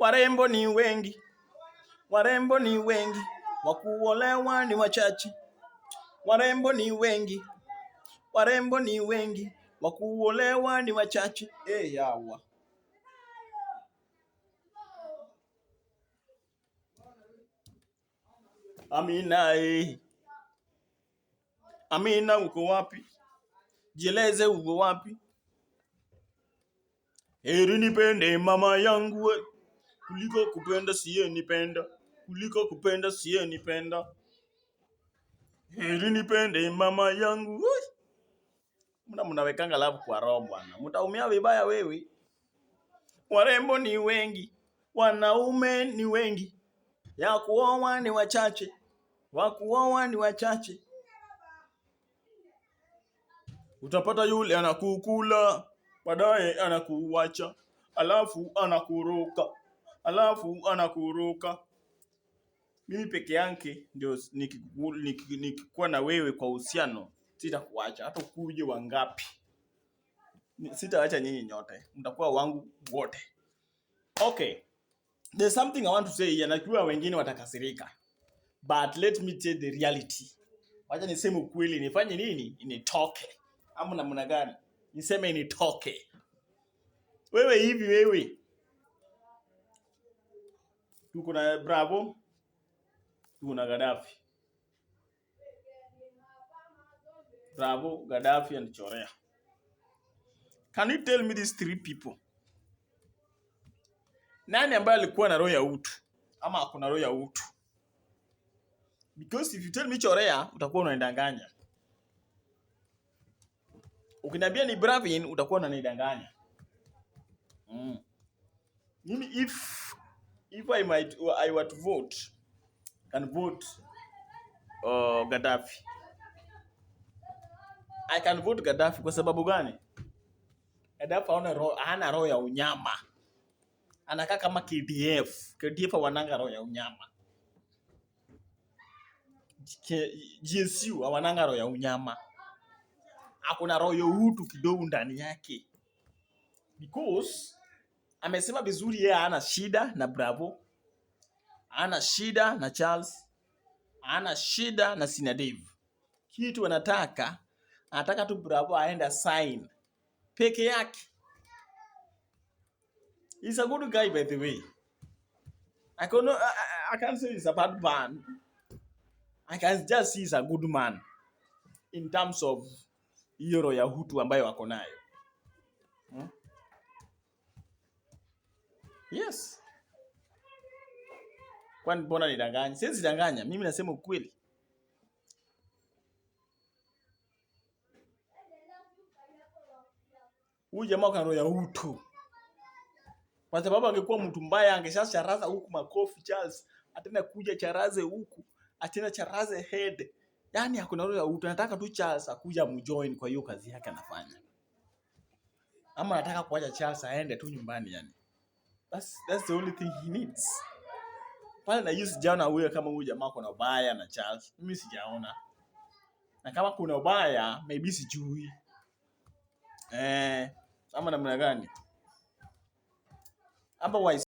Warembo ni wengi, warembo ni wengi, wakuolewa ni wachache. Warembo ni wengi, warembo ni wengi, wakuolewa ni wachache. Eh, yawa Amina, eh. Amina, uko wapi? Jieleze, uko wapi? Heri nipende mama yangu eh kuliko kupenda siye nipenda kuliko kupenda siye nipenda heri nipende mama yangu Muna mna mnawekanga love kwa roho bwana mtaumia vibaya wewe warembo ni wengi wanaume ni wengi ya kuoa ni wachache wa kuoa ni wachache utapata yule anakukula baadaye anakuwacha, alafu anakuruka alafu anakuruka. Mimi peke yake ndio nikikuwa niki, niki, na wewe kwa uhusiano, sitakuacha hata ukuje wangapi, sitaacha nyinyi nyote, mtakuwa wangu wote. Okay, there's something I want to say here. Najua wengine watakasirika, but let me tell the reality. Wacha niseme ukweli, nifanye nini? Initoke ama namna gani? Niseme initoke. Wewe hivi wewe tuko na Bravo, tuko na Gaddafi. Bravo, Gaddafi and Chorea. Can you tell me these three people? Nani ambaye alikuwa na roho ya utu ama ako na roho ya utu? Because if you tell me Chorea utakuwa unanidanganya. Ukiniambia ni Bravin utakuwa unanidanganya. Mm. Mimi if if I might I were to vote can vote uh, Gaddafi. I can vote Gaddafi kwa sababu gani? Gaddafi hana roho, hana roho ya unyama. Anakaa kama KDF. KDF hawananga roho ya unyama. GSU hawananga roho ya unyama. Hakuna roho ya utu kidogo ndani yake. Because amesema vizuri, yeye hana shida na Bravo, hana shida na Charles, hana shida na Sina Dave. Kitu anataka anataka tu Bravo aenda sign peke yake. He's a good guy by the way. I can I, I can't say he's a bad man. I can just see he's a good man in terms of hiyo roho ya hutu ambayo wako nayo hmm? Yes. Kwani mbona nidanganya? Siwezi danganya, mimi nasema ukweli. Huyu jamaa kana roho ya utu. Kwa sababu angekuwa mtu mbaya angeshacharaza huku makofi Charles, atena kuja charaze huku, atena charaze head. Yaani hakuna roho ya utu. Nataka tu Charles akuja mjoin kwa hiyo kazi yake anafanya. Ama nataka kuacha Charles aende tu nyumbani yani. That's, that's the only thing he needs. Pale na Yusuf sijaona huyo kama huyo jamaa kuna ubaya na Charles. Mimi sijaona. Na kama kuna ubaya, maybe sijui. Eh, ama namna gani? Otherwise